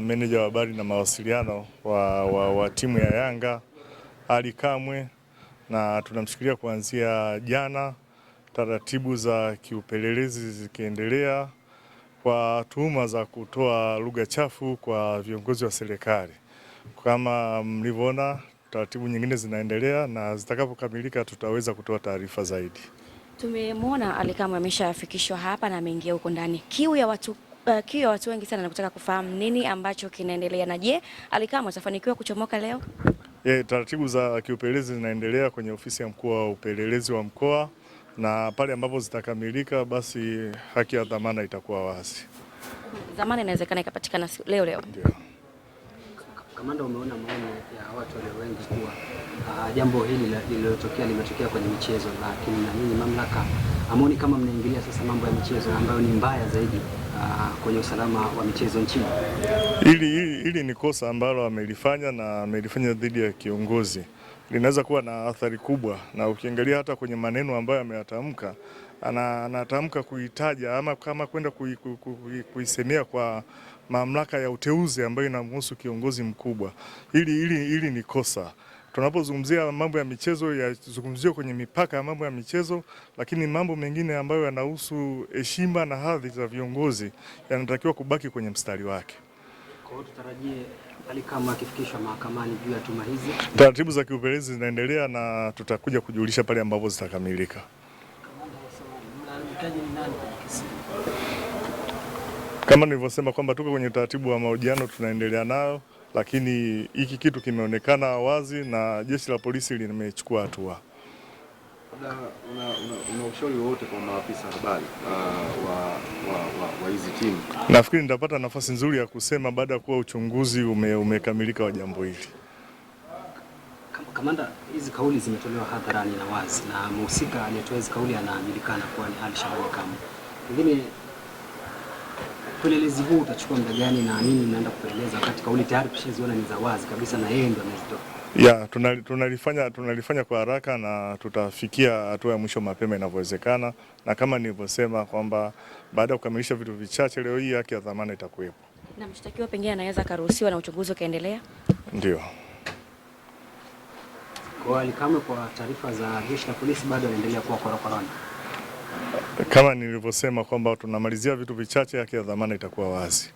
meneja wa habari na mawasiliano wa, wa, wa timu ya Yanga Ali Kamwe, na tunamshikilia kuanzia jana, taratibu za kiupelelezi zikiendelea kwa tuhuma za kutoa lugha chafu kwa viongozi wa serikali. Kama mlivyoona, taratibu nyingine zinaendelea na zitakapokamilika tutaweza kutoa taarifa zaidi. Tumemwona Ali Kamwe ameshafikishwa hapa na ameingia huko ndani, kiu ya watu Uh, kiu watu wengi sana na kutaka kufahamu nini ambacho kinaendelea, na je, Ally Kamwe atafanikiwa kuchomoka leo? Yeah, taratibu za kiupelelezi zinaendelea kwenye ofisi ya mkuu wa upelelezi wa mkoa, na pale ambapo zitakamilika, basi haki ya dhamana itakuwa wazi. Dhamana inawezekana ikapatikana leo leo, yeah. Kamanda, umeona maoni ya watu walio wengi kuwa uh, jambo hili lililotokea limetokea kwenye michezo, lakini na nini mamlaka amoni kama mnaingilia sasa mambo ya michezo ambayo ni mbaya zaidi uh, kwenye usalama wa michezo nchini. Hili, hili, hili ni kosa ambalo amelifanya na amelifanya dhidi ya kiongozi, linaweza kuwa na athari kubwa, na ukiangalia hata kwenye maneno ambayo ameyatamka anatamka kuitaja ama kama kwenda kuisemea kui, kui, kui kwa mamlaka ya uteuzi ambayo inamhusu kiongozi mkubwa. Hili ili, ili ni kosa. Tunapozungumzia mambo ya michezo yazungumziwe kwenye mipaka ya mambo ya michezo, lakini mambo mengine ambayo yanahusu heshima na hadhi za viongozi yanatakiwa kubaki kwenye mstari wake. Kwa hiyo tutarajie kama akifikishwa mahakamani juu ya tuma hizi, taratibu za kiupelelezi zinaendelea na tutakuja kujulisha pale ambapo zitakamilika. Kama nilivyosema kwamba tuko kwenye utaratibu wa mahojiano tunaendelea nayo, lakini hiki kitu kimeonekana wazi na jeshi la polisi limechukua hatua. Una, una, una ushauri wowote kwa maafisa habari uh, wa, wa, wa, wa hizi timu? Nafikiri nitapata nafasi nzuri ya kusema baada ya kuwa uchunguzi ume, umekamilika wa jambo hili. Kamanda, hizi kauli zimetolewa hadharani na wazi na mhusika aliyetoa hizi kauli anajulikana kuwa ni Ali Shabani Kamwe. Pengine Upelelezi huu utachukua muda gani na nini naenda kupeleleza wakati kauli tayari tushaziona ni za wazi kabisa na yeye ndo anazitoa? Ya, tunalifanya tunalifanya kwa haraka na tutafikia hatua ya mwisho mapema inavyowezekana, na kama nilivyosema kwamba baada ya kukamilisha vitu vichache leo hii haki ya dhamana itakuwepo. Na mshtakiwa pengine anaweza akaruhusiwa na uchunguzi ukaendelea? Ndio. Kwa Alikamwe, kwa taarifa za jeshi la polisi, bado anaendelea kuwa korokoroni kama nilivyosema kwamba tunamalizia vitu vichache, haki ya dhamana itakuwa wazi.